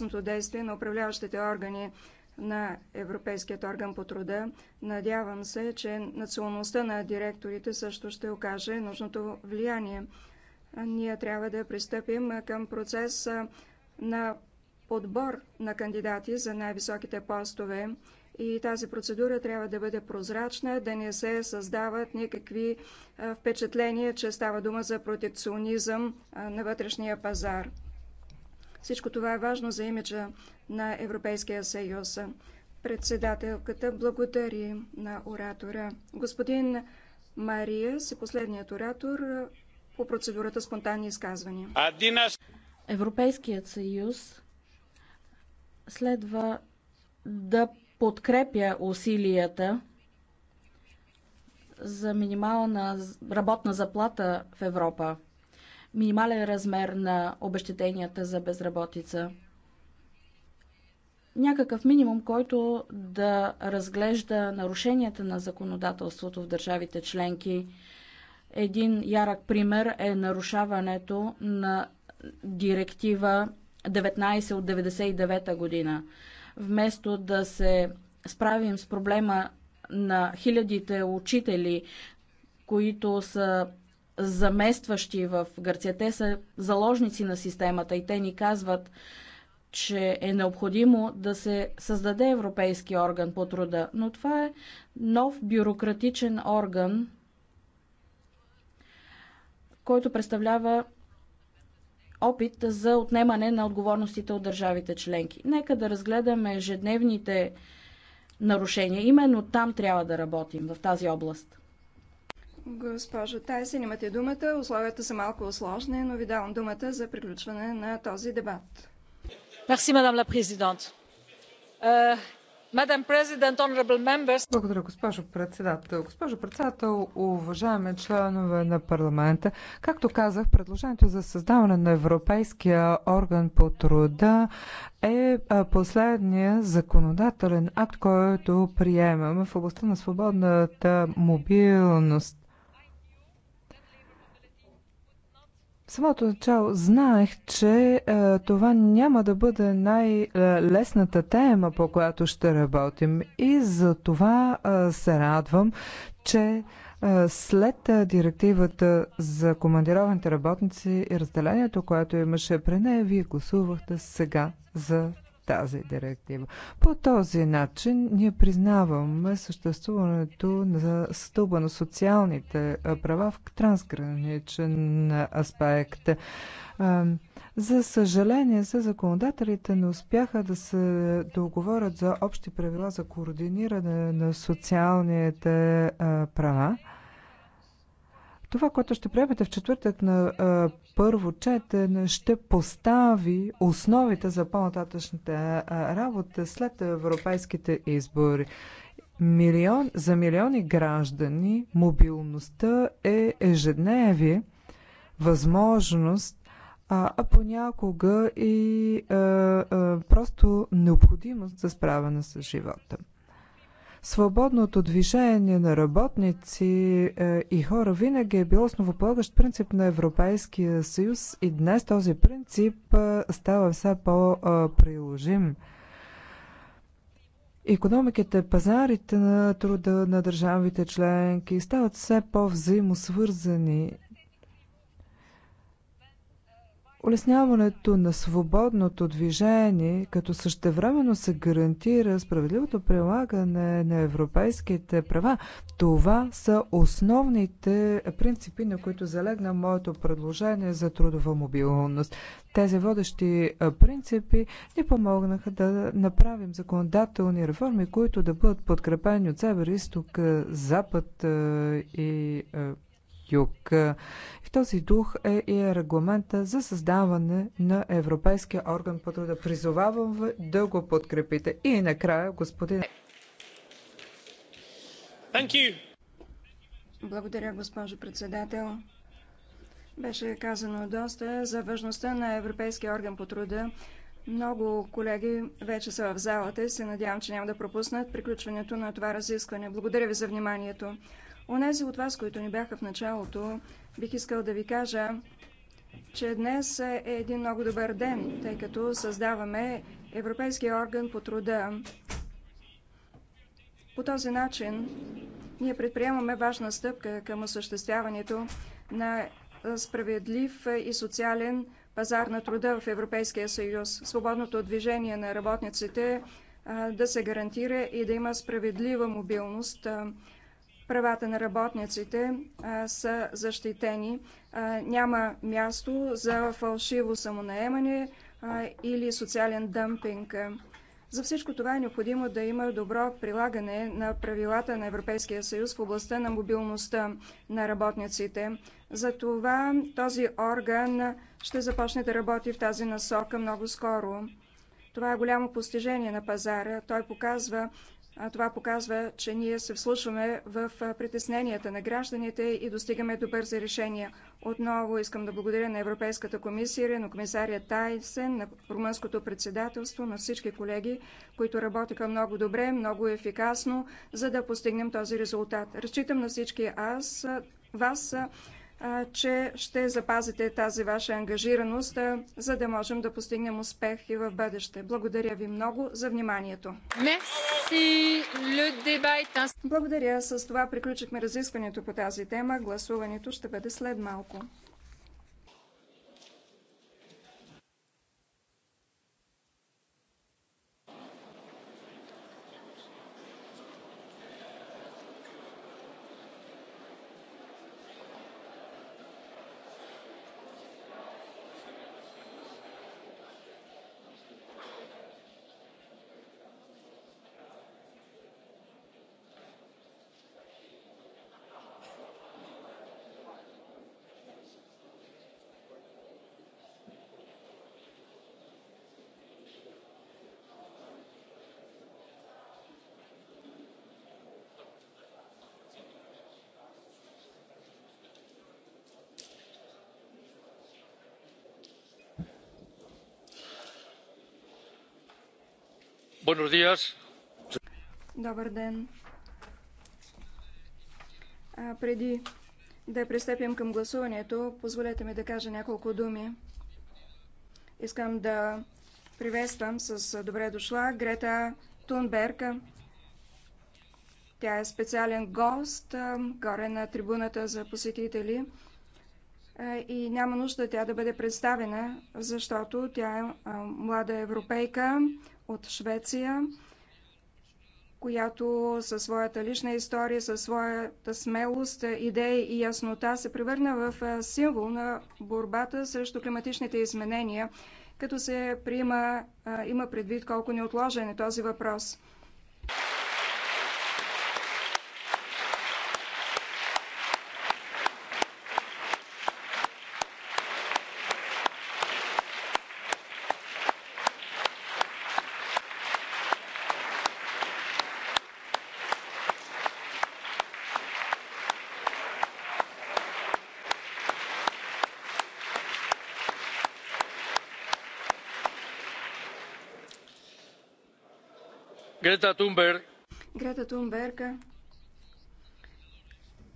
ефикасното действие на управляващите органи на Европейският орган по труда. Надявам се, че националността на директорите също ще окаже нужното влияние. Ние трябва да пристъпим към процес на подбор на кандидати за най-високите постове и тази процедура трябва да бъде прозрачна, да не се създават никакви впечатления, че става дума за протекционизъм на вътрешния пазар. Всичко това е важно за имиджа на Европейския съюз. Председателката благодари на оратора. Господин Мария си последният оратор по процедурата спонтанни изказвания. Европейският съюз следва да подкрепя усилията за минимална работна заплата в Европа минимален размер на обещетенията за безработица. Някакъв минимум, който да разглежда нарушенията на законодателството в държавите членки. Един ярък пример е нарушаването на директива 19 от 99 година. Вместо да се справим с проблема на хилядите учители, които са заместващи в Гърция. Те са заложници на системата и те ни казват, че е необходимо да се създаде Европейски орган по труда. Но това е нов бюрократичен орган, който представлява опит за отнемане на отговорностите от държавите членки. Нека да разгледаме ежедневните нарушения. Именно там трябва да работим, в тази област. Госпожо Тайсен, имате думата. Условията са малко осложни, но ви давам думата за приключване на този дебат. Мерси, мадам ла президент. Благодаря, госпожо председател. Госпожо председател, уважаеми членове на парламента, както казах, предложението за създаване на Европейския орган по труда е последния законодателен акт, който приемаме в областта на свободната мобилност. самото начало знаех, че е, това няма да бъде най-лесната тема, по която ще работим. И за това е, се радвам, че е, след е, директивата за командированите работници и разделението, което имаше при нея, вие гласувахте сега за тази директива. По този начин ние признаваме съществуването на стълба на социалните права в трансграничен аспект. За съжаление, за законодателите не успяха да се договорят за общи правила за координиране на социалните права това, което ще приемете в четвъртък на а, първо четене, ще постави основите за по-нататъчната работа след европейските избори. Милион, за милиони граждани мобилността е ежедневие, възможност, а, а понякога и а, а, просто необходимост за справяне с живота. Свободното движение на работници е, и хора винаги е бил основополагащ принцип на Европейския съюз и днес този принцип е, става все по-приложим. Економиките, пазарите на труда на държавите членки стават все по-взаимосвързани Улесняването на свободното движение, като същевременно се гарантира справедливото прилагане на европейските права, това са основните принципи, на които залегна моето предложение за трудова мобилност. Тези водещи принципи ни помогнаха да направим законодателни реформи, които да бъдат подкрепени от север, изток, запад и юг. В този дух е и регламента за създаване на Европейския орган по труда. Призовавам да го подкрепите. И накрая, господин. Благодаря, госпожо председател. Беше казано доста за важността на Европейския орган по труда. Много колеги вече са в залата и се надявам, че няма да пропуснат приключването на това разискване. Благодаря ви за вниманието. Онези от вас, които ни бяха в началото, бих искал да ви кажа, че днес е един много добър ден, тъй като създаваме Европейския орган по труда. По този начин ние предприемаме важна стъпка към осъществяването на справедлив и социален пазар на труда в Европейския съюз. Свободното движение на работниците да се гарантира и да има справедлива мобилност правата на работниците а, са защитени. А, няма място за фалшиво самонаемане а, или социален дъмпинг. За всичко това е необходимо да има добро прилагане на правилата на Европейския съюз в областта на мобилността на работниците. Затова този орган ще започне да работи в тази насока много скоро. Това е голямо постижение на пазара. Той показва, това показва, че ние се вслушваме в притесненията на гражданите и достигаме до бързи решения. Отново искам да благодаря на Европейската комисия, на комисария Тайсен, на румънското председателство, на всички колеги, които работиха много добре, много ефикасно, за да постигнем този резултат. Разчитам на всички аз, вас че ще запазите тази ваша ангажираност, за да можем да постигнем успех и в бъдеще. Благодаря ви много за вниманието. Благодаря. С това приключихме разискването по тази тема. Гласуването ще бъде след малко. Добър ден. А, преди да пристъпим към гласуването, позволете ми да кажа няколко думи. Искам да приветствам с добре дошла Грета Тунберг. Тя е специален гост, горе на трибуната за посетители и няма нужда тя да бъде представена, защото тя е млада европейка от Швеция, която със своята лична история, със своята смелост, идеи и яснота се превърна в символ на борбата срещу климатичните изменения, като се приема, има предвид колко неотложен е този въпрос – Грета Тунберг. Грета Тунберг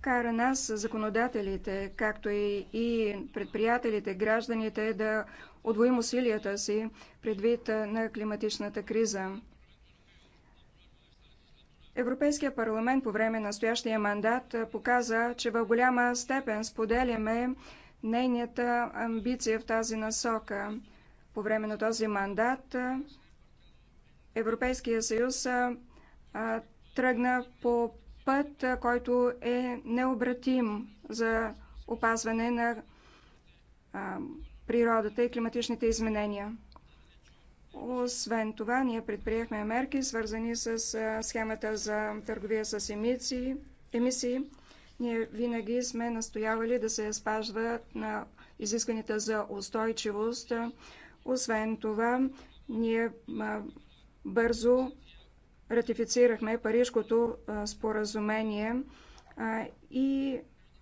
кара нас, законодателите, както и, и предприятелите, гражданите, да отвоим усилията си предвид на климатичната криза. Европейския парламент по време на настоящия мандат показа, че в голяма степен споделяме нейната амбиция в тази насока. По време на този мандат Европейския съюз тръгна по път, който е необратим за опазване на природата и климатичните изменения. Освен това, ние предприехме мерки, свързани с схемата за търговия с емисии. емисии. Ние винаги сме настоявали да се спазват на изискванията за устойчивост. Освен това, ние бързо ратифицирахме Парижкото споразумение и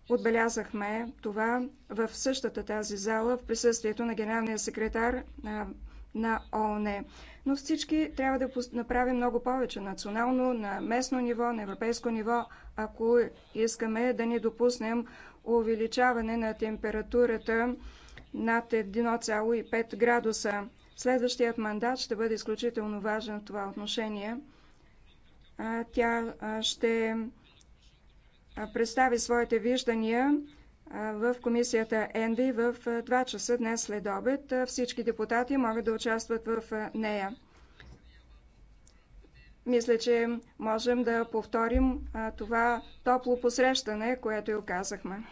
отбелязахме това в същата тази зала в присъствието на генералния секретар на ООН. Но всички трябва да направим много повече национално, на местно ниво, на европейско ниво, ако искаме да не допуснем увеличаване на температурата над 1,5 градуса. Следващият мандат ще бъде изключително важен в това отношение. Тя ще представи своите виждания в комисията ЕНВИ в 2 часа днес след обед. Всички депутати могат да участват в нея. Мисля, че можем да повторим това топло посрещане, което и оказахме.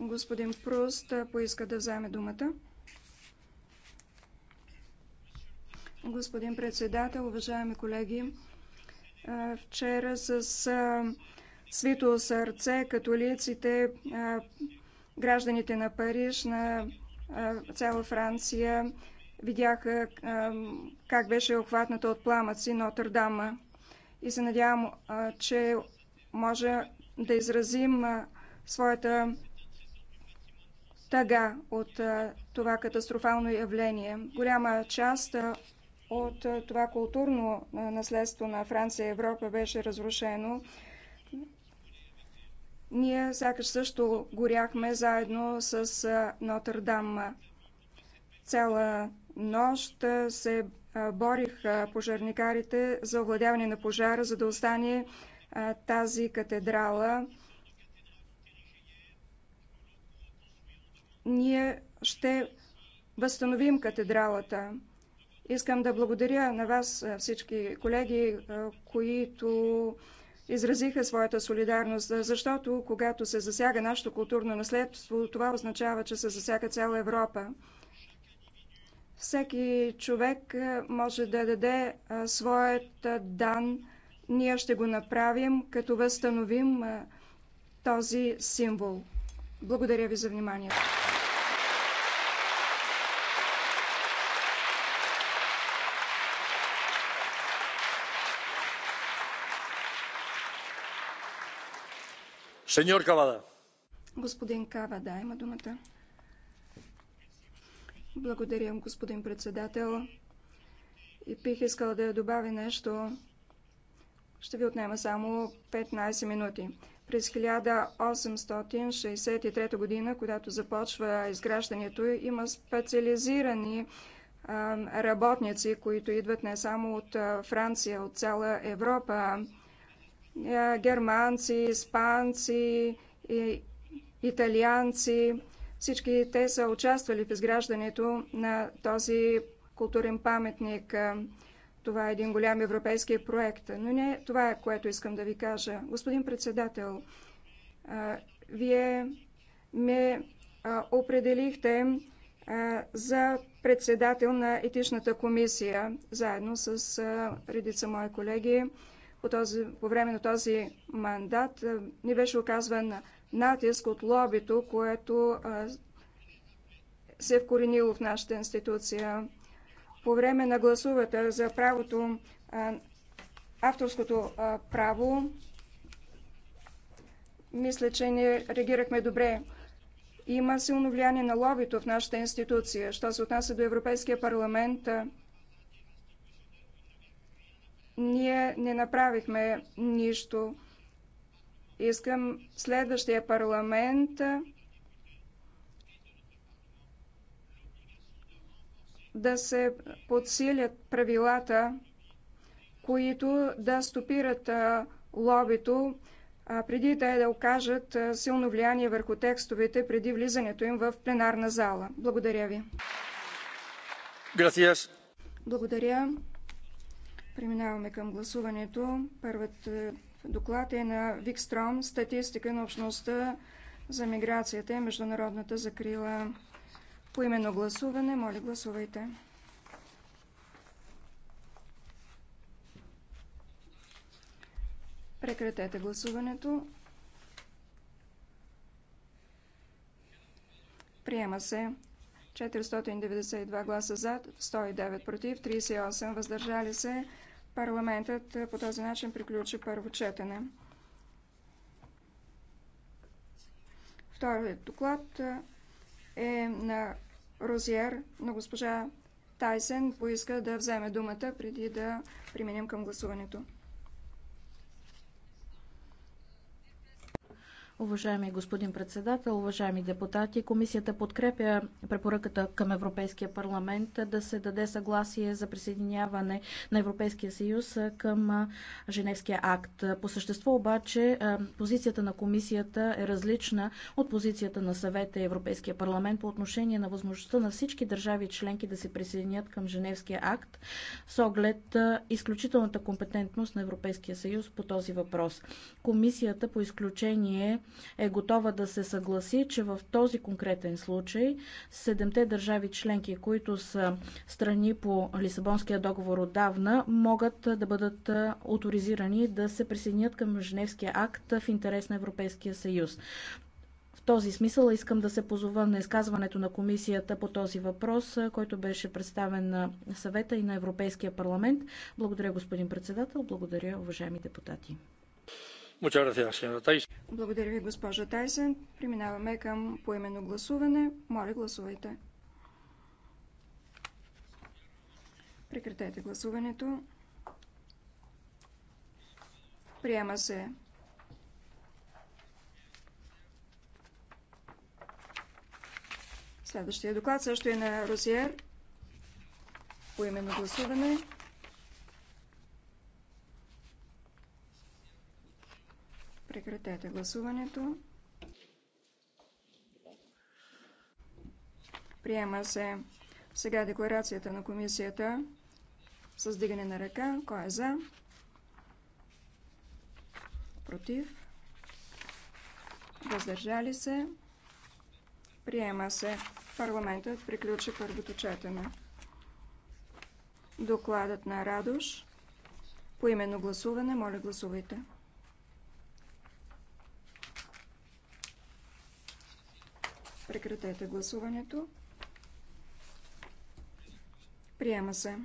Господин Пруст поиска да вземе думата. Господин председател, уважаеми колеги, вчера с свито сърце католиците, гражданите на Париж, на цяла Франция видяха как беше охватната от пламъци Дама и се надявам, че може да изразим своята тъга от това катастрофално явление. Голяма част от това културно наследство на Франция и Европа беше разрушено. Ние сякаш също горяхме заедно с Нотърдам. Цяла нощ се борих пожарникарите за овладяване на пожара, за да остане тази катедрала. Ние ще възстановим катедралата. Искам да благодаря на вас всички колеги, които изразиха своята солидарност, защото когато се засяга нашето културно наследство, това означава, че се засяга цяла Европа. Всеки човек е, може да даде е, своят е, дан. Ние ще го направим, като възстановим този символ. Благодаря ви за вниманието. Господин Кавада има думата. Благодаря, господин председател. И бих искала да добавя нещо. Ще ви отнема само 15 минути. През 1863 година, когато започва изграждането, има специализирани работници, които идват не само от Франция, от цяла Европа, е, германци, испанци, италианци, всички те са участвали в изграждането на този културен паметник. Това е един голям европейски проект. Но не това е, което искам да ви кажа. Господин председател, вие ме определихте за председател на етичната комисия, заедно с редица мои колеги. По, този, по време на този мандат ни беше оказван натиск от лобито, което се е вкоренило в нашата институция. По време на гласувата за правото, авторското право, мисля, че не реагирахме добре. Има силно влияние на лобито в нашата институция. Що се отнася до Европейския парламент, ние не направихме нищо. Искам следващия парламент да се подсилят правилата, които да стопират лобито, преди те да окажат силно влияние върху текстовете преди влизането им в пленарна зала. Благодаря ви. Gracias. Благодаря. Преминаваме към гласуването. Първата Доклад е на Викстром «Статистика на общността за миграцията и международната закрила». По именно гласуване, моля гласувайте. Прекратете гласуването. Приема се 492 гласа за, 109 против, 38 въздържали се. Парламентът е, по този начин приключи първо четене. Вторият доклад е, е на Розиер, на госпожа Тайсен поиска да вземе думата преди да преминем към гласуването. Уважаеми господин председател, уважаеми депутати, комисията подкрепя препоръката към Европейския парламент да се даде съгласие за присъединяване на Европейския съюз към Женевския акт. По същество обаче позицията на комисията е различна от позицията на съвета и Европейския парламент по отношение на възможността на всички държави членки да се присъединят към Женевския акт с оглед изключителната компетентност на Европейския съюз по този въпрос. Комисията по изключение е готова да се съгласи, че в този конкретен случай седемте държави членки, които са страни по Лисабонския договор отдавна, могат да бъдат авторизирани да се присъединят към Женевския акт в интерес на Европейския съюз. В този смисъл искам да се позова на изказването на комисията по този въпрос, който беше представен на съвета и на Европейския парламент. Благодаря, господин председател. Благодаря, уважаеми депутати. Благодаря ви, госпожо Тайсен. Преминаваме към поименно гласуване. Моля, гласувайте. Прекратете гласуването. Приема се. Следващия доклад също е на Розиер. Поименно гласуване. Прекратете гласуването. Приема се сега декларацията на комисията с дигане на ръка. Кой е за? Против? Въздържали се? Приема се. Парламентът приключи първото четене. Докладът на Радош. По именно гласуване, моля гласувайте. Прекратете гласуването. Приема се.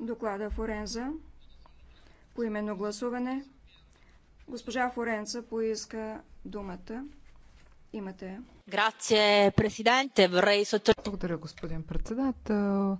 Доклада Форенза. Поименно гласуване. Госпожа Форенца поиска думата. Имате. Грация, президенте. Благодаря, господин председател.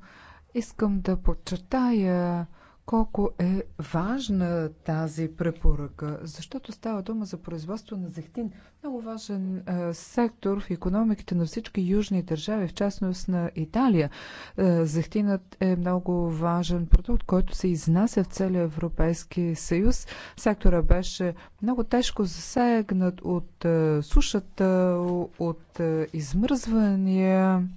Искам да подчертая, колко е важна тази препоръка, защото става дума за производство на зехтин. Много важен е, сектор в економиките на всички южни държави, в частност на Италия. Е, зехтинът е много важен продукт, който се изнася в целия Европейски съюз. Сектора беше много тежко засегнат от е, сушата, от е, измръзвания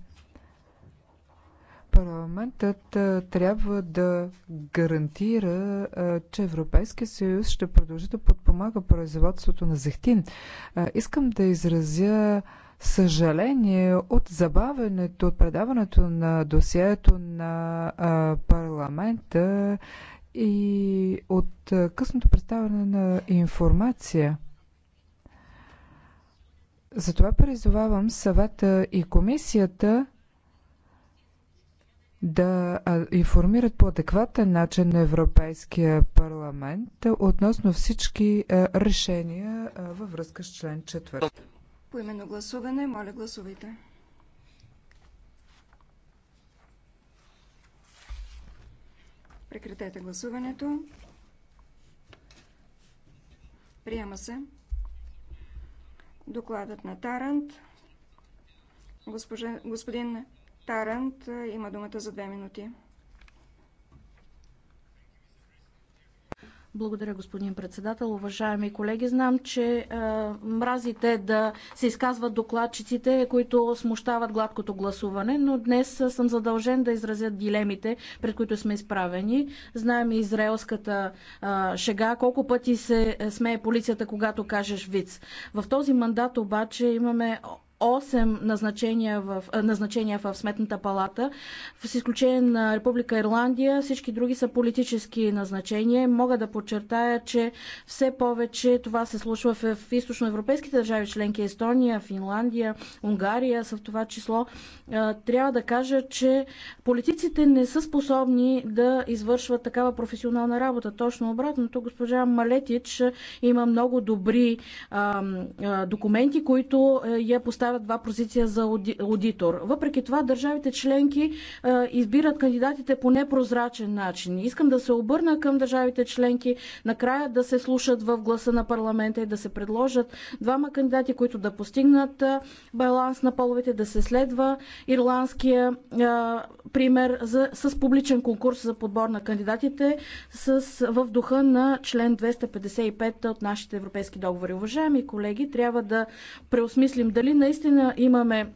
Парламентът трябва да гарантира, че Европейския съюз ще продължи да подпомага производството на зехтин. Искам да изразя съжаление от забавенето, от предаването на досието на парламента и от късното представяне на информация. Затова призовавам съвета и комисията да информират по адекватен начин на Европейския парламент относно всички решения във връзка с член 4. По именно гласуване, моля гласувайте. Прекратете гласуването. Приема се. Докладът на Тарант. Госпожа, господин Тарант е, има думата за две минути. Благодаря, господин председател. Уважаеми колеги, знам, че е, мразите да се изказват докладчиците, които смущават гладкото гласуване, но днес е, съм задължен да изразя дилемите, пред които сме изправени. Знаем и израелската е, шега, колко пъти се е, смее полицията, когато кажеш виц. В този мандат обаче имаме 8 назначения в, назначения в Сметната палата, с изключение на Република Ирландия, всички други са политически назначения. Мога да подчертая, че все повече това се случва в, източноевропейските държави, членки Естония, Финландия, Унгария, са в това число. Трябва да кажа, че политиците не са способни да извършват такава професионална работа. Точно обратното, госпожа Малетич има много добри а, а, документи, които е, я поставят предоставят два позиция за аудитор. Въпреки това, държавите членки е, избират кандидатите по непрозрачен начин. Искам да се обърна към държавите членки, накрая да се слушат в гласа на парламента и да се предложат двама кандидати, които да постигнат е, баланс на половете, да се следва ирландския е, пример за, с публичен конкурс за подбор на кандидатите с, в духа на член 255 от нашите европейски договори. Уважаеми колеги, трябва да преосмислим дали наистина наистина имаме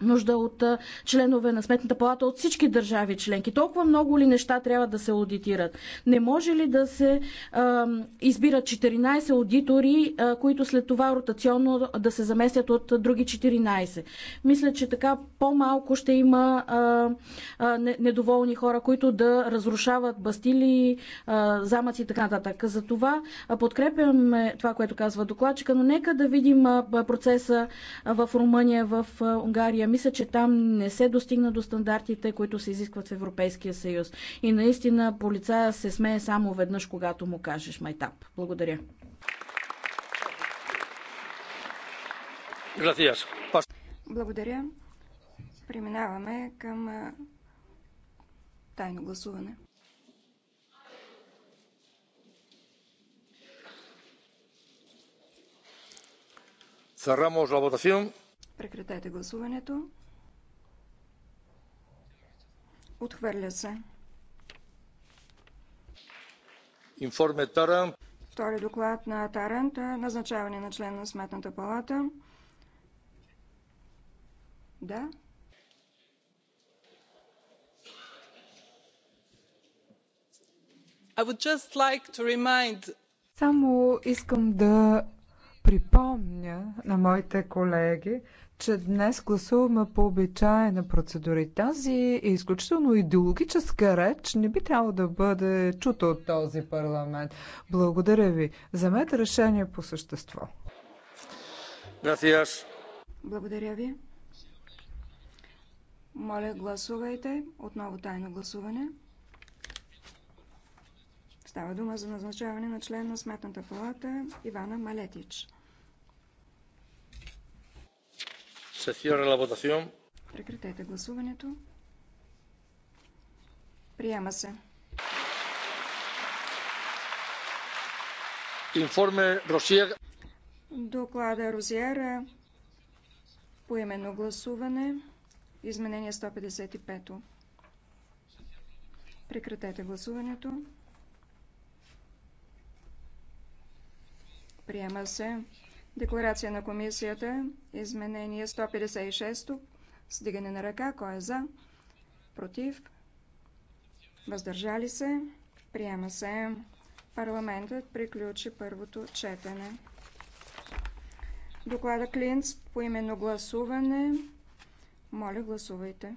нужда от членове на Сметната палата от всички държави членки. Толкова много ли неща трябва да се аудитират? Не може ли да се а, избират 14 аудитори, а, които след това ротационно да се заместят от други 14? Мисля, че така по-малко ще има а, а, недоволни хора, които да разрушават бастили, а, замъци и така нататък. това подкрепям това, което казва докладчика, но нека да видим процеса в Румъния, в Унгария, Сърбия, мисля, че там не се достигна до стандартите, които се изискват в Европейския съюз. И наистина полицая се смее само веднъж, когато му кажеш майтап. Благодаря. Благодаря. Преминаваме към тайно гласуване. Cerramos la votación. Прекратете гласуването. Отхвърля се. Информе Таран. Втори доклад на Тарант. Назначаване на член на Сметната палата. Да. I would just like to remind... Само искам да припомня на моите колеги, че днес гласуваме по обичая на процедури. Тази е изключително идеологическа реч не би трябвало да бъде чута от този парламент. Благодаря ви. за мен решение по същество. Благодаря ви. Моля, гласувайте. Отново тайно гласуване. Става дума за назначаване на член на Сметната палата Ивана Малетич. Прекратете гласуването. Приема се. Информе Росиер. Доклада Розиер. Поименно гласуване. Изменение 155. Прекратете гласуването. Приема се. Декларация на комисията. Изменение 156. Сдигане на ръка. Кой е за? Против? Въздържали се? Приема се. Парламентът приключи първото четене. Доклада Клинц по именно гласуване. Моля, гласувайте.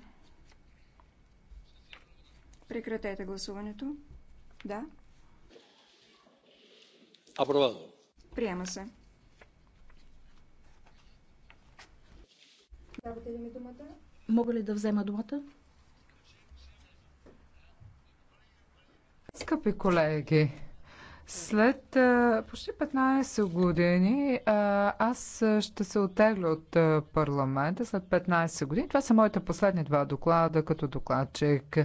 Прекратете гласуването. Да. Апробадо. Приема се. Давате ли ми думата? Мога ли да взема думата? Скъпи колеги, след а, почти 15 години а, аз ще се отегля от а, парламента. След 15 години. Това са моите последни два доклада като докладчик.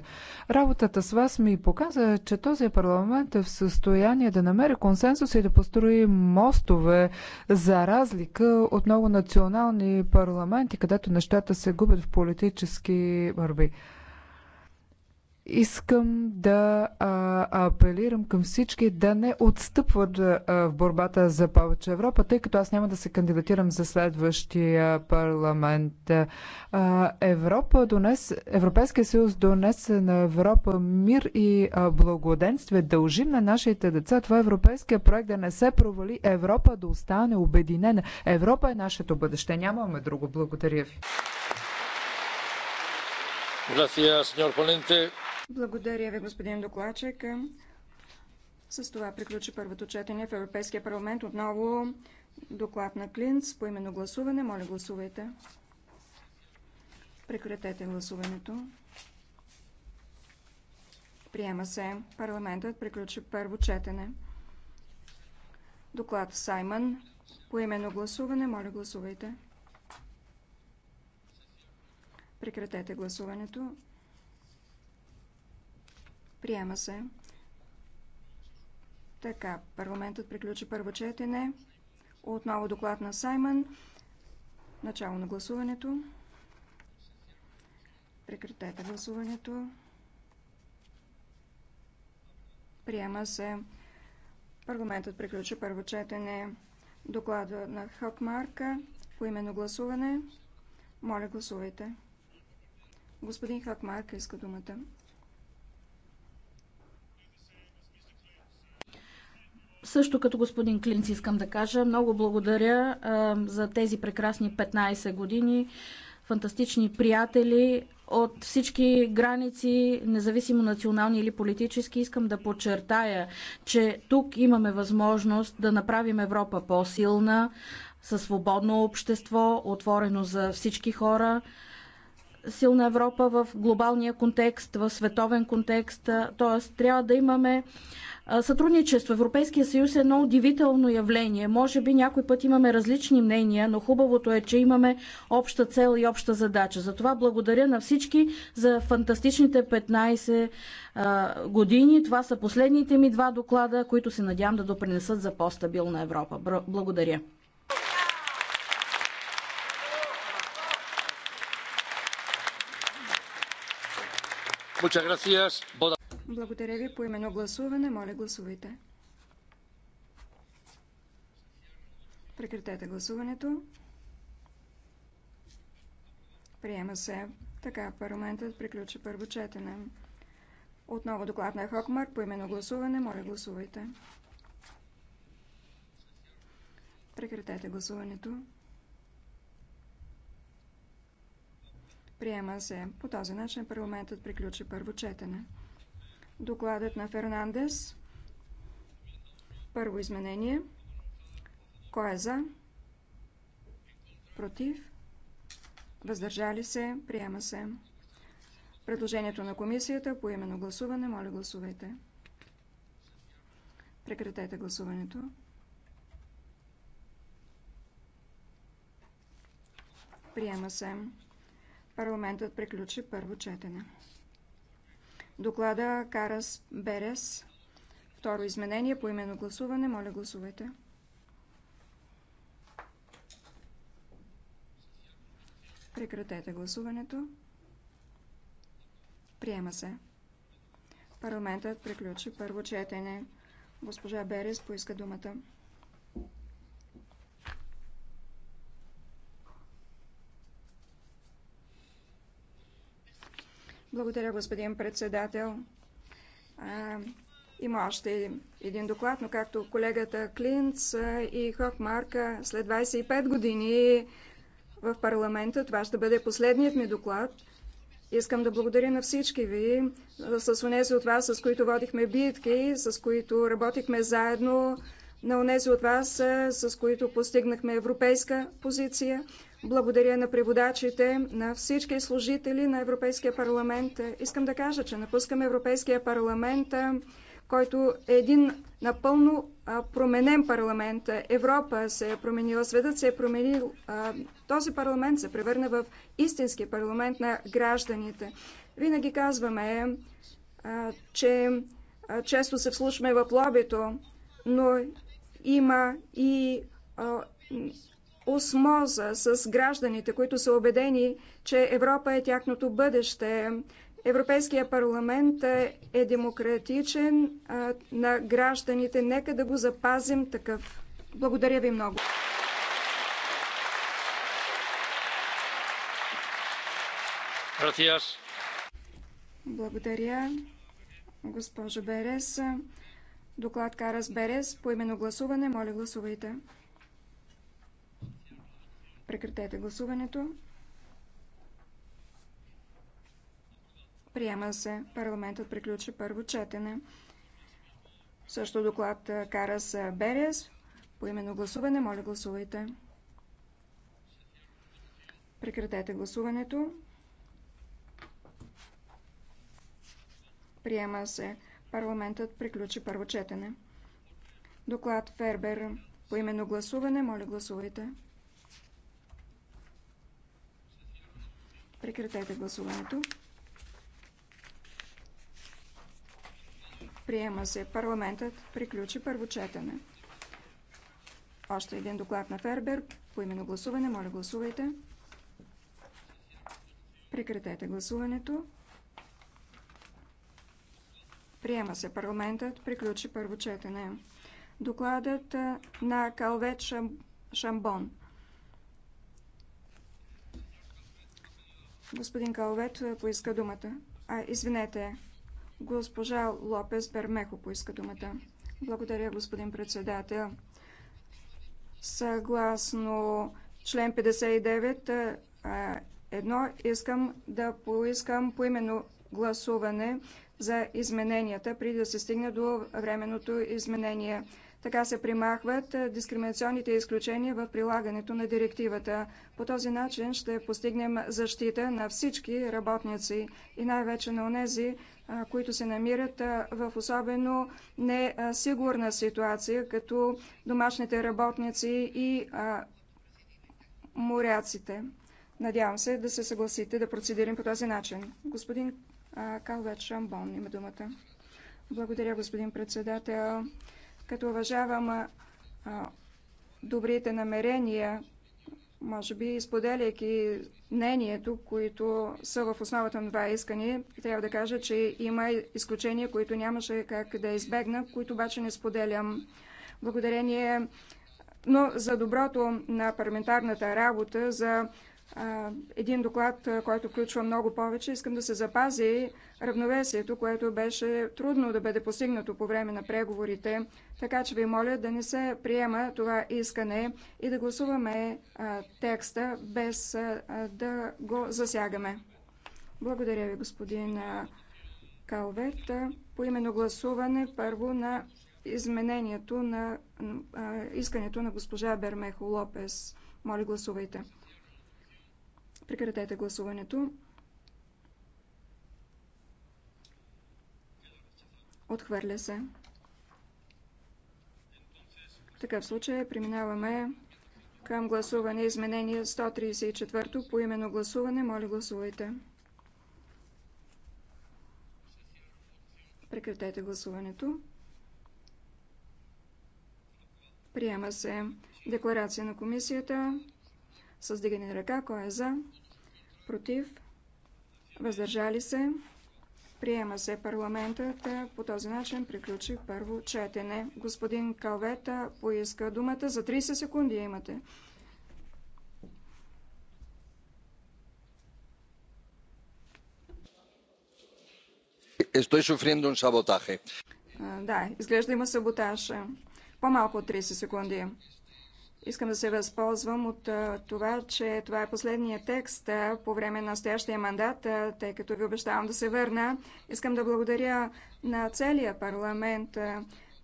Работата с вас ми показа, че този парламент е в състояние да намери консенсус и да построи мостове за разлика от много национални парламенти, където нещата се губят в политически върби. Искам да а, апелирам към всички да не отстъпват а, в борбата за повече Европа, тъй като аз няма да се кандидатирам за следващия парламент. А, Европа донес, Европейския съюз донесе на Европа мир и а, благоденствие. Дължим на нашите деца това е европейския проект да не се провали. Европа да остане обединена. Европа е нашето бъдеще. Нямаме друго. Благодаря ви. Gracias, señor ponente. Благодаря ви, господин докладчик. С това приключи първото четене в Европейския парламент. Отново доклад на Клинц по именно гласуване. Моля, гласувайте. Прекратете гласуването. Приема се. Парламентът приключи първо четене. Доклад Саймън. По именно гласуване. Моля, гласувайте. Прекратете гласуването. Приема се. Така, парламентът приключи първо четене. Отново доклад на Саймън. Начало на гласуването. Прекратете гласуването. Приема се. Парламентът приключи първо четене. Доклада на Хакмарка. По именно гласуване. Моля, гласувайте. Господин Хакмарк, иска думата. Също като господин Клинц искам да кажа, много благодаря а, за тези прекрасни 15 години, фантастични приятели от всички граници, независимо национални или политически. Искам да подчертая, че тук имаме възможност да направим Европа по-силна, със свободно общество, отворено за всички хора силна Европа в глобалния контекст, в световен контекст. Т.е. трябва да имаме Сътрудничество в Европейския съюз е едно удивително явление. Може би някой път имаме различни мнения, но хубавото е, че имаме обща цел и обща задача. Затова благодаря на всички за фантастичните 15 години. Това са последните ми два доклада, които се надявам да допринесат за по-стабилна Европа. Благодаря. Muchas gracias. Благодаря ви по именно гласуване. Моля, гласувайте. Прекратете гласуването. Приема се. Така парламентът приключи първо четене. Отново доклад на Хокмар, по именно гласуване. Моля, гласувайте. Прекратете гласуването. Приема се. По този начин парламентът приключи първо четене. Докладът на Фернандес. Първо изменение. Кой е за? Против? Въздържали се? Приема се. Предложението на комисията по именно гласуване. Моля гласувайте. Прекратете гласуването. Приема се. Парламентът приключи първо четене доклада Карас Берес. Второ изменение по именно гласуване. Моля, гласувайте. Прекратете гласуването. Приема се. Парламентът приключи първо четене. Госпожа Берес поиска думата. Благодаря, господин председател. А, има още един доклад, но както колегата Клинц и Хохмарка след 25 години в парламента, това ще бъде последният ми доклад. Искам да благодаря на всички ви, с унези от вас, с които водихме битки, с които работихме заедно, на унези от вас, с които постигнахме европейска позиция. Благодаря на преводачите, на всички служители на Европейския парламент. Искам да кажа, че напускам Европейския парламент, който е един напълно променен парламент. Европа се е променила, светът се е променил. Този парламент се превърна в истински парламент на гражданите. Винаги казваме, че често се вслушваме в лобито, но има и осмоза с гражданите, които са убедени, че Европа е тяхното бъдеще. Европейския парламент е демократичен на гражданите. Нека да го запазим такъв. Благодаря ви много. Благодаря, госпожо Берес. Доклад Карас Берес. По именно гласуване, моля гласувайте. Прекратете гласуването. Приема се. Парламентът приключи първо четене. Също доклад Карас Берес. По именно гласуване, моля гласувайте. Прекратете гласуването. Приема се. Парламентът приключи първо четене. Доклад Фербер. По именно гласуване, моля гласувайте. Прекратете гласуването. Приема се. Парламентът приключи първо четене. Още един доклад на Фербер. По именно гласуване. Моля, гласувайте. Прекратете гласуването. Приема се. Парламентът приключи първо четене. Докладът на Калвет Шамбон. Господин Калвет е, поиска думата. А, извинете, госпожа Лопес Бермехо поиска думата. Благодаря, господин председател. Съгласно член 59, е, е, едно искам да поискам поименно гласуване за измененията, преди да се стигне до временното изменение. Така се примахват е, дискриминационните изключения в прилагането на директивата. По този начин ще постигнем защита на всички работници и най-вече на онези, е, които се намират е, в особено несигурна ситуация, като домашните работници и моряците. Надявам се да се съгласите да процедирам по този начин. Господин Калвет Шамбон има думата. Благодаря, господин председател. Като уважавам добрите намерения, може би изподеляйки мнението, които са в основата на това искане, трябва да кажа, че има изключения, които нямаше как да избегна, които обаче не споделям. Благодарение но за доброто на парламентарната работа, за един доклад, който включва много повече. Искам да се запази равновесието, което беше трудно да бъде постигнато по време на преговорите. Така че ви моля да не се приема това искане и да гласуваме текста без да го засягаме. Благодаря ви, господин Калвет. По именно гласуване първо на изменението на искането на госпожа Бермехо Лопес. Моля, гласувайте. Прекратете гласуването. Отхвърля се. В такъв случай преминаваме към гласуване изменение 134 по именно гласуване. Моля гласувайте. Прекратете гласуването. Приема се декларация на комисията с дигане на ръка. Кой е за? Против? Въздържали се? Приема се парламентът. По този начин приключи първо четене. Господин Калвета поиска думата. За 30 секунди имате. Estoy sufriendo un sabotaje. Да, изглежда има саботаж. По-малко от 30 секунди. Искам да се възползвам от това, че това е последния текст по време на настоящия мандат, тъй като ви обещавам да се върна. Искам да благодаря на целия парламент,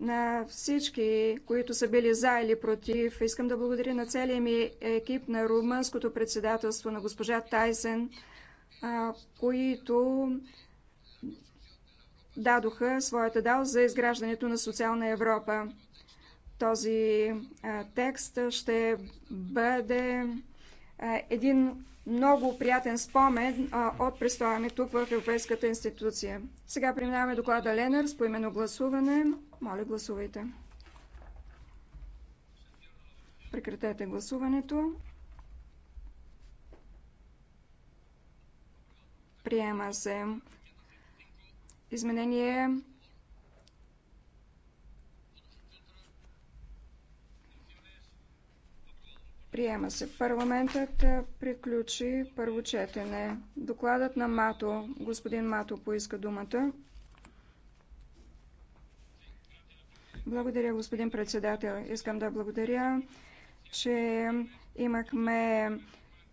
на всички, които са били за или против. Искам да благодаря на целия ми екип на румънското председателство, на госпожа Тайсен, които дадоха своята дал за изграждането на социална Европа. Този текст ще бъде един много приятен спомен от престоя ми тук в Европейската институция. Сега преминаваме доклада Ленър с поименно гласуване. Моля, гласувайте. Прекратете гласуването. Приема се. Изменение Приема се. Парламентът е, приключи първо четене. Докладът на Мато. Господин Мато поиска думата. Благодаря, господин председател. Искам да благодаря, че имахме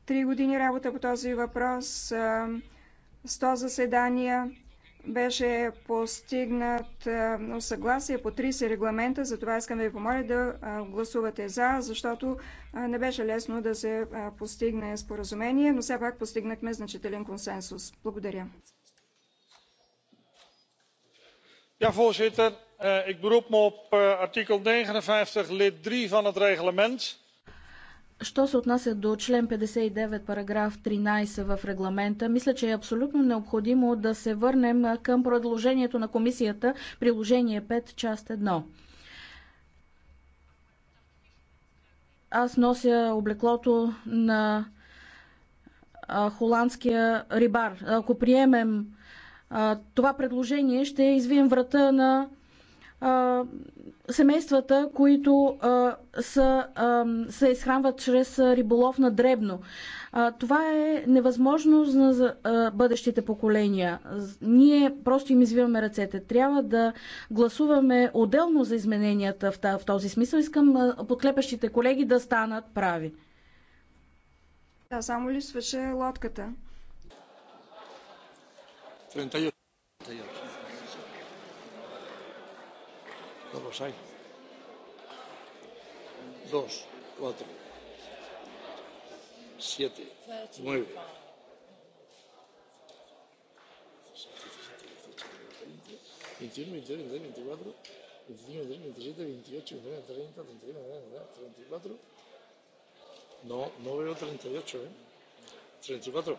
три години работа по този въпрос, 100 е, заседания, беше постигнат съгласие по 30 регламента, за това искам да ви помоля да гласувате за, защото не беше лесно да се постигне споразумение, но все пак постигнахме значителен консенсус. Благодаря. Ja, voorzitter. Eh, ik beroep me op eh, artikel 59, lid 3 van het reglement. Що се отнася до член 59, параграф 13 в регламента, мисля, че е абсолютно необходимо да се върнем към предложението на комисията, приложение 5, част 1. Аз нося облеклото на холандския рибар. Ако приемем това предложение, ще извием врата на а, семействата, които а, са, а, се изхранват чрез риболов на дребно. А, това е невъзможно за а, бъдещите поколения. Ние просто им извиваме ръцете. Трябва да гласуваме отделно за измененията в, в този смисъл. Искам а, колеги да станат прави. Да, само ли свеше лодката? 38. no los hay. Dos, cuatro, siete, nueve. veintiuno, veintidós, veintitrés, veinticuatro, veinticinco, veintiséis, veintisiete, veintiocho, veintinueve, treinta, treinta y uno, treinta y cuatro. No, no veo treinta y ocho, ¿eh? Treinta y cuatro.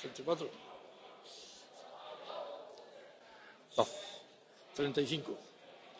Treinta y cuatro. No. Treinta y cinco.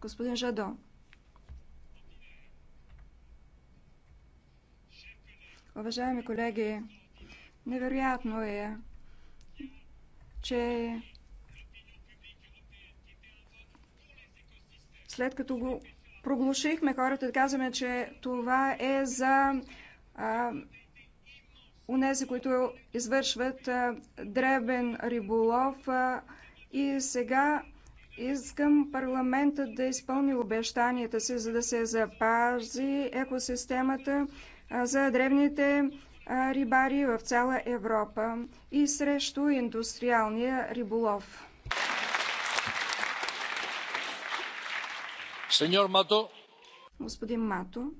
Господин Жадо. Уважаеми колеги, невероятно е, че след като го проглушихме хората, да казваме, че това е за а, унези, които извършват а, дребен риболов а, и сега Искам парламентът да изпълни обещанията си, за да се запази екосистемата за древните рибари в цяла Европа и срещу индустриалния риболов. Сеньор Мато. Господин Мато.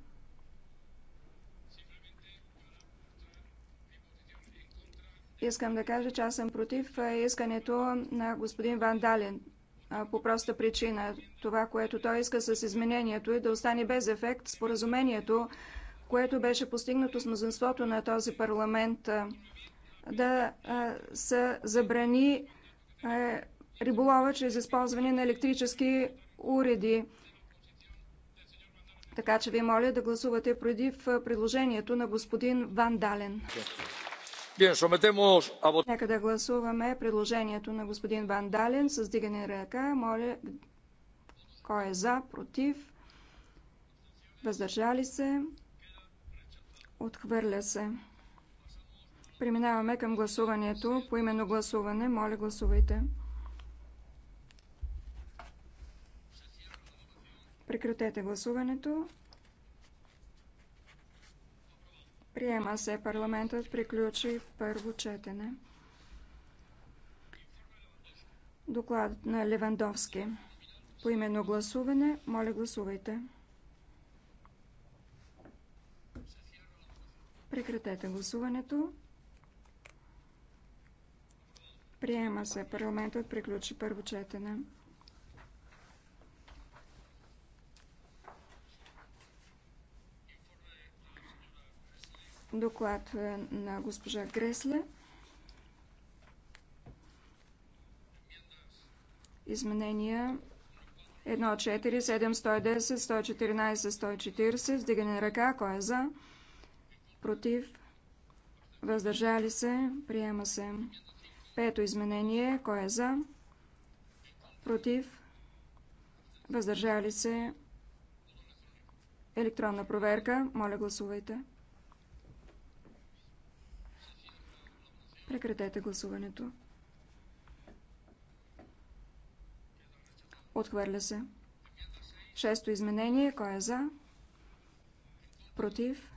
Искам да кажа, че аз съм против искането на господин Вандален по проста причина. Това, което той иска с изменението е да остане без ефект споразумението, което беше постигнато с мнозинството на този парламент да се забрани риболова чрез използване на електрически уреди. Така че ви моля да гласувате против предложението на господин Ван Дален. Нека да гласуваме предложението на господин Ван Дален с дигане ръка. Моля, кой е за, против, въздържали се, отхвърля се. Преминаваме към гласуването. По именно гласуване, моля гласувайте. Прекратете гласуването. Приема се. Парламентът приключи първо четене. Доклад на Левандовски. По именно гласуване. Моля, гласувайте. Прекратете гласуването. Приема се. Парламентът приключи първо четене. доклад е, на госпожа Гресле. Изменения 1, 4, 7, 110, 114, 140. Вдигане на ръка. Кой е за? Против? Въздържали се? Приема се. Пето изменение. Кой е за? Против? Въздържали се? Електронна проверка. Моля гласувайте. Прекратете гласуването. Отхвърля се. Шесто изменение. Кой е за? Против?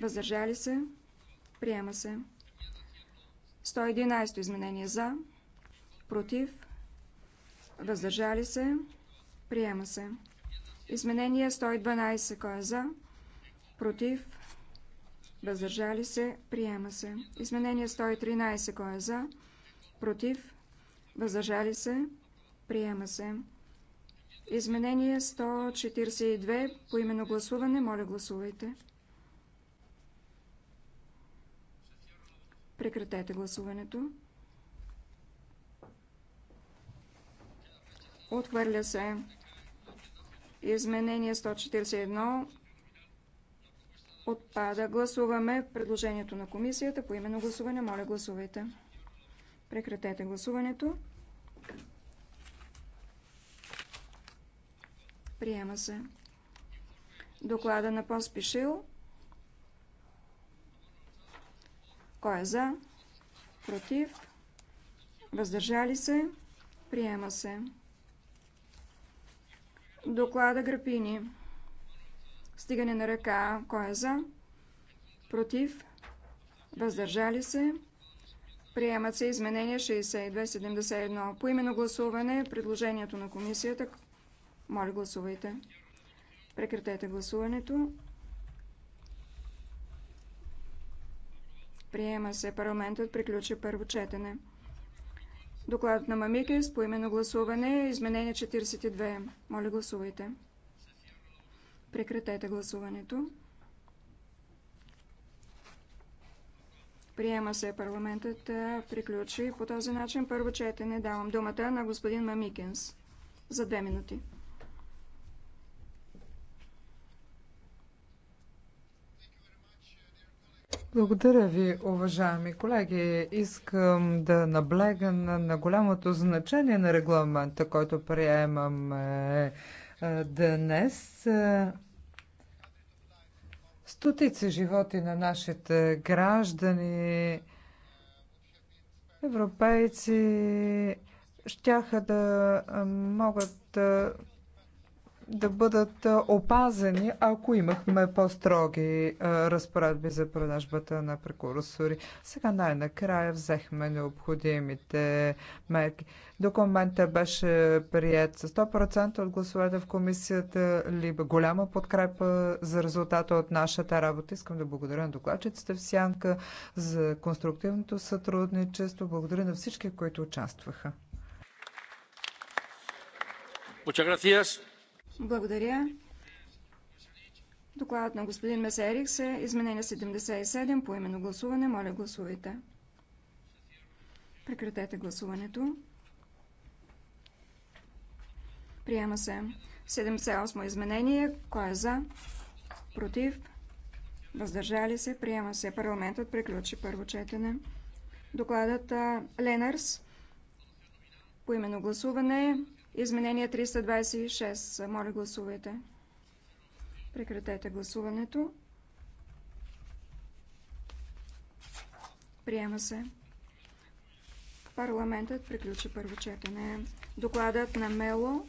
Въздържали се? Приема се. 111 изменение за. Против? Въздържали се? Приема се. Изменение 112. Кой е за? Против? въздържали се, приема се. Изменение 113, кой е за, против, въздържали се, приема се. Изменение 142, по именно гласуване, моля гласувайте. Прекратете гласуването. Отхвърля се. Изменение 141 отпада. Гласуваме предложението на комисията по именно гласуване. Моля, гласувайте. Прекратете гласуването. Приема се. Доклада на поспишил, Кой е за? Против? Въздържали се? Приема се. Доклада Грапини. Стигане на ръка. Кой е за? Против? Въздържали се? Приемат се изменения 62-71. По именно гласуване предложението на комисията. Моля гласувайте. Прекратете гласуването. Приема се. Парламентът приключи първо четене. Докладът на Мамикес по именно гласуване. Изменение 42. Моля гласувайте. Прекратете гласуването. Приема се парламентът приключи. По този начин първо четене давам думата на господин Мамикенс за две минути. Благодаря ви, уважаеми колеги. Искам да наблега на, на голямото значение на регламента, който Е... Днес стотици животи на нашите граждани, европейци, щяха да могат да да бъдат опазени, ако имахме по-строги разпоредби за продажбата на прекурсори. Сега най-накрая взехме необходимите мерки. Документа беше прият с 100% от гласовете в комисията, либо голяма подкрепа за резултата от нашата работа. Искам да благодаря на докладчицата в Сянка за конструктивното сътрудничество. Благодаря на всички, които участваха. Muchas gracias. Благодаря. Докладът на господин Месерикс е изменение 77 по именно гласуване. Моля, гласувайте. Прекратете гласуването. Приема се 78 изменение. Кой е за? Против? Въздържали се? Приема се. Парламентът приключи първо четене. Докладът Ленърс по именно гласуване. Изменение 326. Моля, гласувайте. Прекратете гласуването. Приема се. Парламентът приключи първо четене. Докладът на МЕЛО.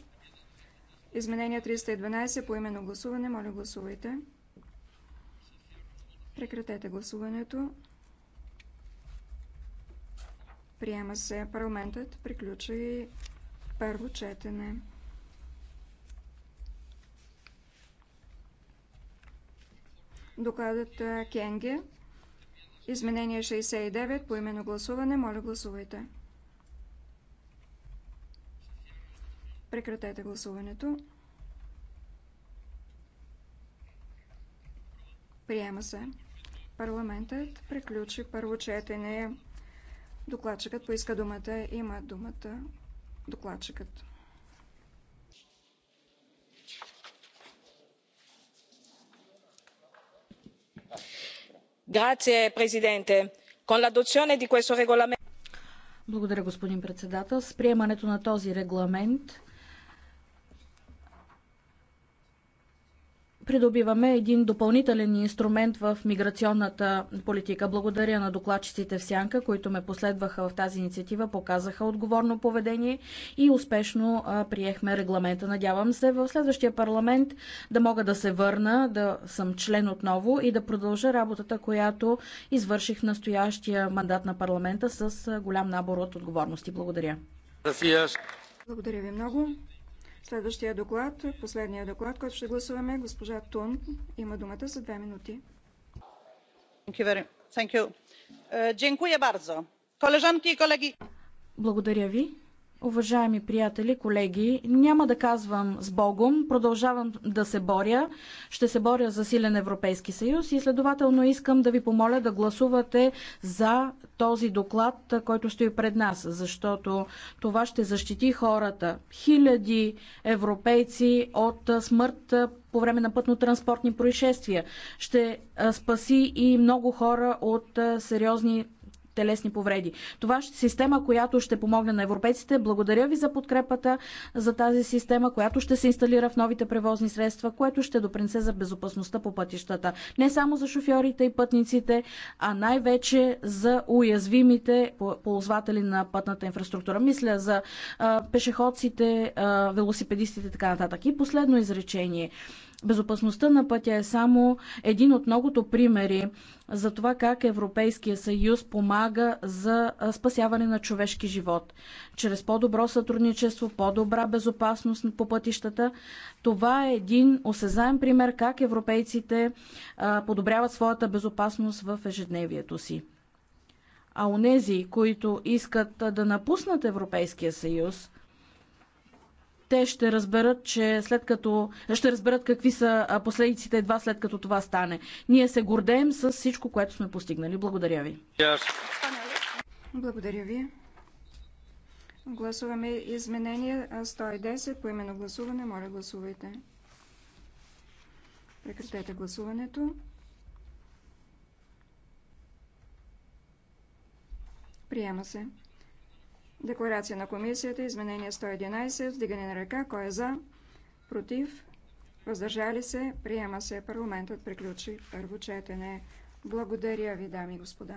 Изменение 312 по именно гласуване. Моля, гласувайте. Прекратете гласуването. Приема се. Парламентът приключи първо четене. Докладът е, Кенге. Изменение 69 по именно гласуване. Моля гласувайте. Прекратете гласуването. Приема се. Парламентът приключи първо четене. Докладчикът поиска думата. Има думата докладчикът. Благодаря, господин председател. С приемането на този регламент придобиваме един допълнителен инструмент в миграционната политика. Благодаря на докладчиците в Сянка, които ме последваха в тази инициатива, показаха отговорно поведение и успешно приехме регламента. Надявам се в следващия парламент да мога да се върна, да съм член отново и да продължа работата, която извърших в настоящия мандат на парламента с голям набор от отговорности. Благодаря. Благодаря ви много. Следващия доклад, последния доклад, който ще гласуваме, госпожа Тун има думата за две минути. Е, Благодаря ви. Уважаеми приятели, колеги, няма да казвам с Богом, продължавам да се боря, ще се боря за силен Европейски съюз и следователно искам да ви помоля да гласувате за този доклад, който стои пред нас, защото това ще защити хората, хиляди европейци от смърт по време на пътно-транспортни происшествия. Ще спаси и много хора от сериозни телесни повреди. Това ще система, която ще помогне на европейците. Благодаря ви за подкрепата за тази система, която ще се инсталира в новите превозни средства, което ще допринесе за безопасността по пътищата. Не само за шофьорите и пътниците, а най-вече за уязвимите ползватели на пътната инфраструктура. Мисля за а, пешеходците, а, велосипедистите и така нататък. И последно изречение. Безопасността на пътя е само един от многото примери за това как Европейския съюз помага за спасяване на човешки живот. Чрез по-добро сътрудничество, по-добра безопасност по пътищата, това е един осезаем пример как европейците подобряват своята безопасност в ежедневието си. А онези, които искат да напуснат Европейския съюз, те ще разберат, че след като ще разберат какви са последиците едва след като това стане. Ние се гордеем с всичко, което сме постигнали. Благодаря ви. Благодаря ви. Гласуваме изменение 110 по именно гласуване. Моля, гласувайте. Прекратете гласуването. Приема се. Декларация на комисията, изменение 111, вдигане на ръка, кой е за, против, въздържали се, приема се. Парламентът приключи първо четене. Благодаря ви, дами и господа.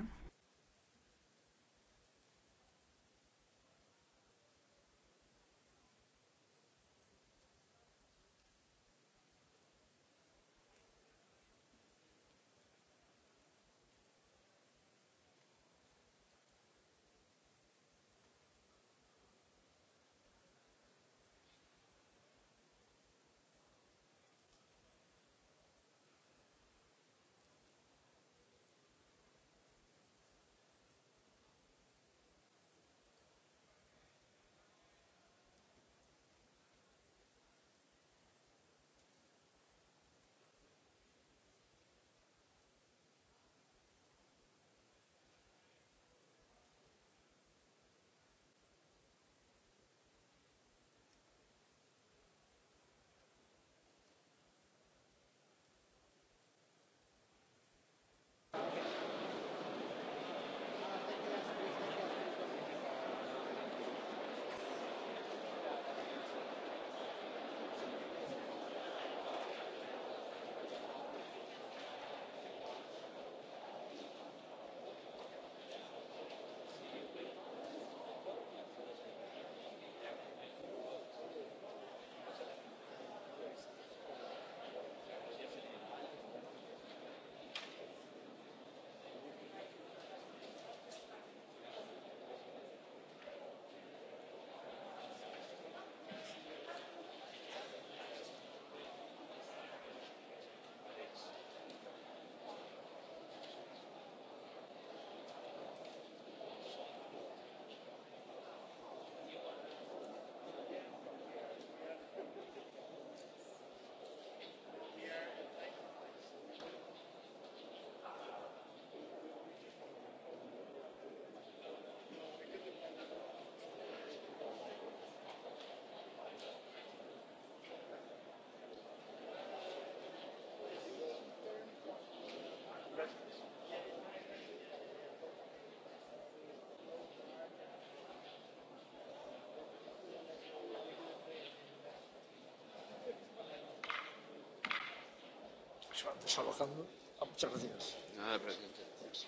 trabajando. Muchas gracias. Nada, presidente.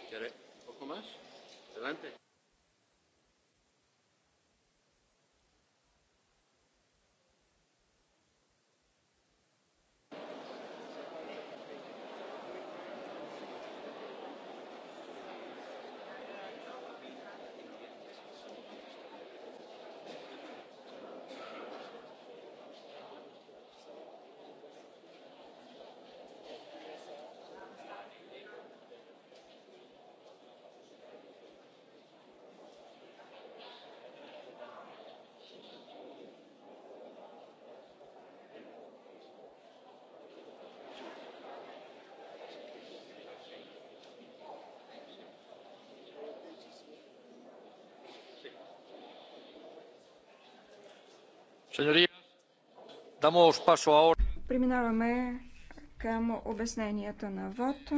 ¿Quiere poco más? Adelante. Преминаваме към обясненията на ВОТ.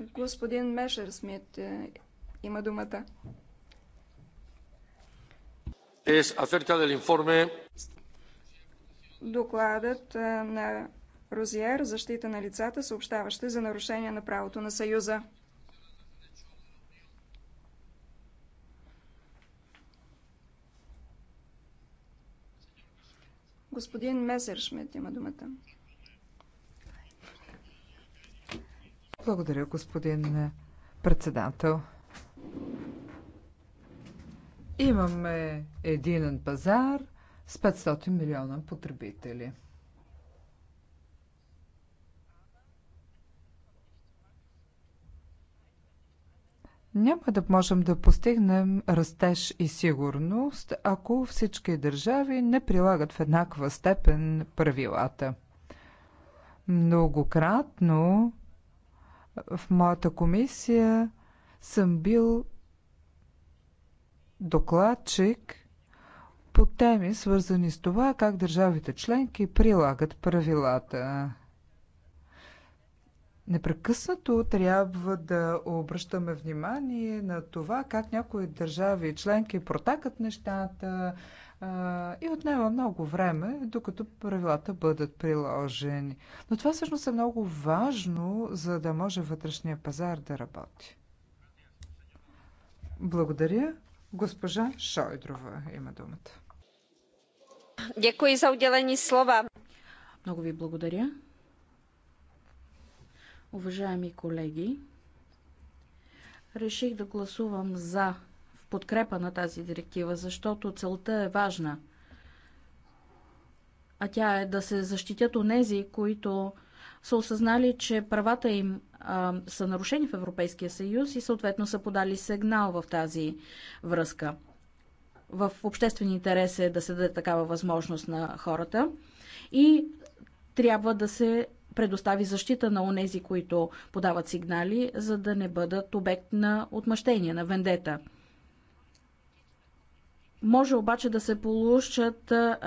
Господин Мешерсмит е, има думата. Докладът е, на Розиер защита на лицата, съобщаващи за нарушение на правото на Съюза. Господин Месершмет има думата. Благодаря, господин председател. Имаме един пазар с 500 милиона потребители – Няма да можем да постигнем растеж и сигурност, ако всички държави не прилагат в еднаква степен правилата. Многократно в моята комисия съм бил докладчик по теми, свързани с това как държавите членки прилагат правилата. Непрекъснато трябва да обръщаме внимание на това как някои държави и членки протакат нещата а, и отнема много време, докато правилата бъдат приложени. Но това всъщност е много важно, за да може вътрешния пазар да работи. Благодаря. Госпожа Шойдрова има думата. Дякую за отделени слова. Много ви благодаря. Уважаеми колеги, реших да гласувам за в подкрепа на тази директива, защото целта е важна. А тя е да се защитят онези, които са осъзнали, че правата им а, са нарушени в Европейския съюз и съответно са подали сигнал в тази връзка. В обществен интерес е да се даде такава възможност на хората и трябва да се предостави защита на онези, които подават сигнали, за да не бъдат обект на отмъщение, на вендета. Може обаче да се получат а,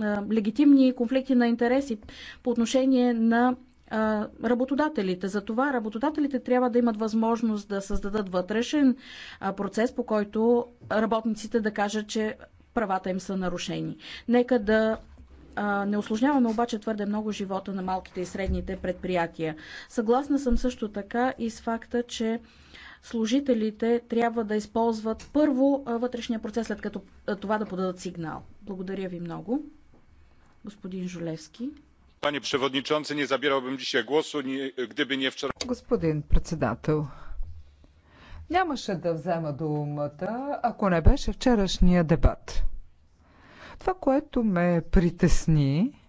а, легитимни конфликти на интереси по отношение на а, работодателите. Затова работодателите трябва да имат възможност да създадат вътрешен а, процес, по който работниците да кажат, че правата им са нарушени. Нека да не осложняваме обаче твърде много живота на малките и средните предприятия. Съгласна съм също така и с факта, че служителите трябва да използват първо вътрешния процес, след като това да подадат сигнал. Благодаря ви много. Господин Жулевски. Panie przewodniczący, nie zabierałbym dzisiaj głosu, nie, gdyby nie wczoraj. Господин председател, нямаше да взема думата, ако не беше вчерашния дебат. Това, което ме притесни,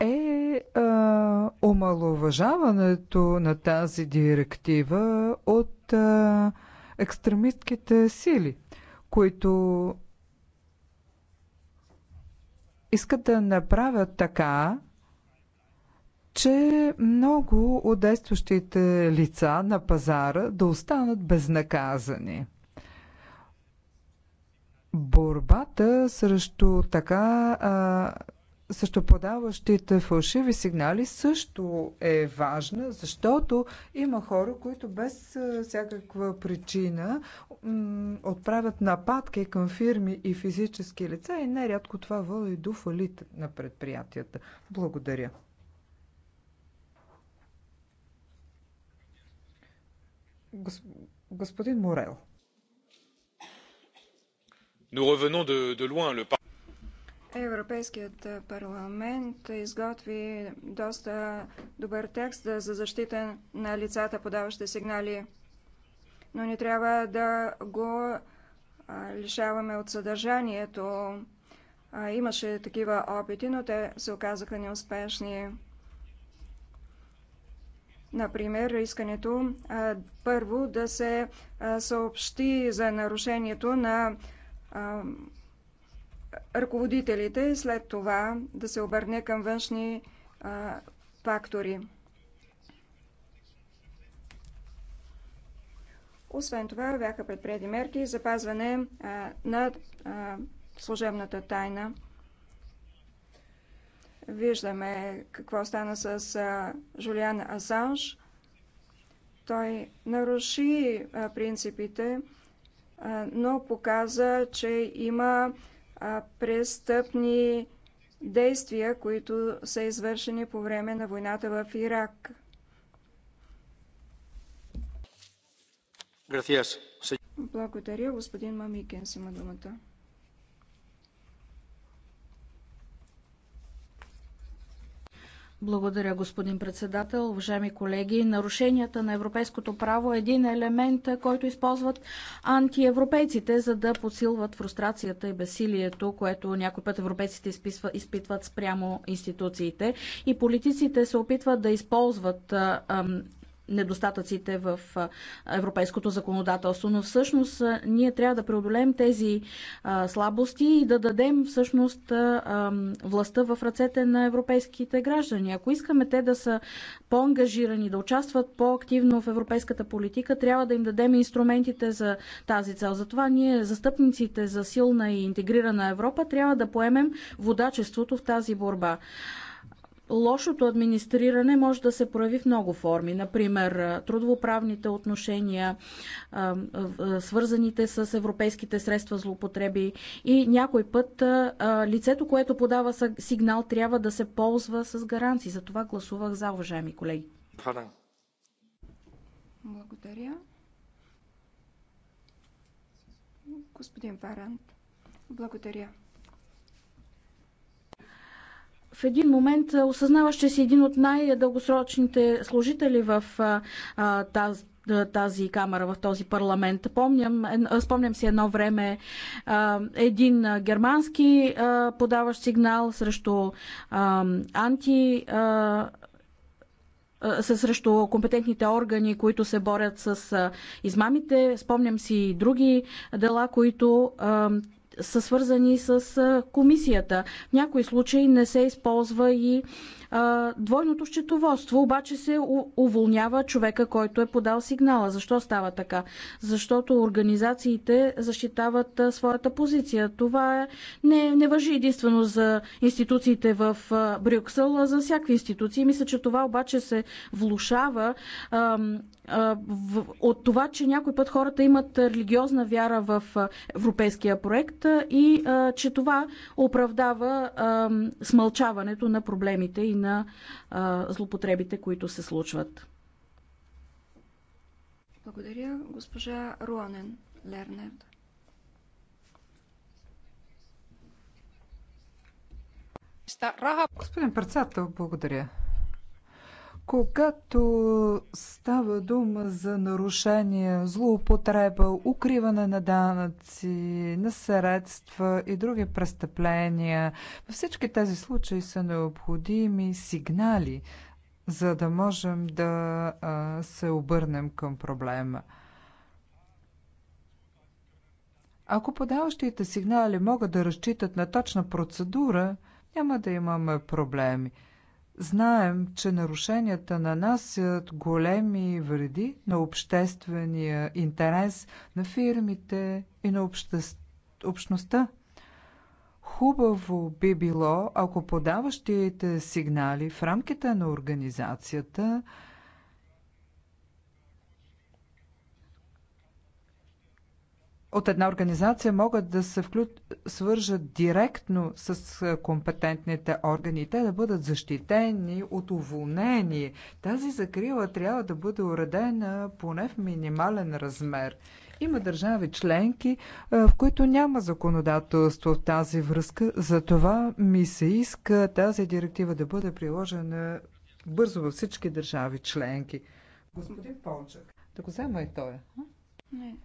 е а, омалуважаването на тази директива от а, екстремистките сили, които искат да направят така, че много от действащите лица на пазара да останат безнаказани борбата срещу така а, също подаващите фалшиви сигнали също е важна, защото има хора, които без всякаква причина отправят нападки към фирми и физически лица и нерядко това води до фалит на предприятията. Благодаря. Господин Морел. Nous revenons de, de loin. Le... Европейският парламент изготви доста добър текст за защита на лицата, подаващи сигнали. Но не трябва да го лишаваме от съдържанието. Имаше такива опити, но те се оказаха неуспешни. Например, искането първо да се съобщи за нарушението на ръководителите след това да се обърне към външни а, фактори. Освен това бяха предпреди мерки за пазване а, на а, служебната тайна. Виждаме какво стана с а, Жулиан Асанж. Той наруши а, принципите но показа, че има престъпни действия, които са извършени по време на войната в Ирак. Благодаря. Господин Мамикен си има думата. Благодаря, господин председател. Уважаеми колеги, нарушенията на европейското право е един елемент, който използват антиевропейците, за да подсилват фрустрацията и бесилието, което някой път европейците изписва, изпитват спрямо институциите. И политиците се опитват да използват ам, недостатъците в европейското законодателство. Но всъщност ние трябва да преодолеем тези слабости и да дадем всъщност властта в ръцете на европейските граждани. Ако искаме те да са по-ангажирани, да участват по-активно в европейската политика, трябва да им дадем инструментите за тази цел. Затова ние, застъпниците за силна и интегрирана Европа, трябва да поемем водачеството в тази борба. Лошото администриране може да се прояви в много форми, например трудовоправните отношения, свързаните с европейските средства злоупотреби и някой път лицето, което подава сигнал, трябва да се ползва с гаранции. За това гласувах за, уважаеми колеги. Благодаря. Господин Варант, благодаря в един момент осъзнаваш, че си един от най-дългосрочните служители в тази тази камера, в този парламент. Помням, спомням си едно време един германски подаващ сигнал срещу анти срещу компетентните органи, които се борят с измамите. Спомням си и други дела, които са свързани с комисията. В някои случаи не се използва и двойното счетоводство обаче се уволнява човека, който е подал сигнала. Защо става така? Защото организациите защитават своята позиция. Това е, не, не въжи единствено за институциите в Брюксел, а за всякакви институции. Мисля, че това обаче се влушава от това, че някой път хората имат религиозна вяра в европейския проект и че това оправдава смълчаването на проблемите и на а, злопотребите, които се случват. Благодаря, госпожа Руанен Лернер. Господин председател, благодаря. Когато става дума за нарушения, злоупотреба, укриване на данъци, на средства и други престъпления, във всички тези случаи са необходими сигнали, за да можем да се обърнем към проблема. Ако подаващите сигнали могат да разчитат на точна процедура, няма да имаме проблеми. Знаем, че нарушенията нанасят големи вреди на обществения интерес, на фирмите и на обще... общността. Хубаво би било, ако подаващите сигнали в рамките на организацията от една организация могат да се вклю... свържат директно с компетентните органи и те да бъдат защитени от уволнени. Тази закрила трябва да бъде уредена поне в минимален размер. Има държави членки, в които няма законодателство в тази връзка. Затова ми се иска тази директива да бъде приложена бързо във всички държави членки. Господин Пончак, да го взема и той. Не.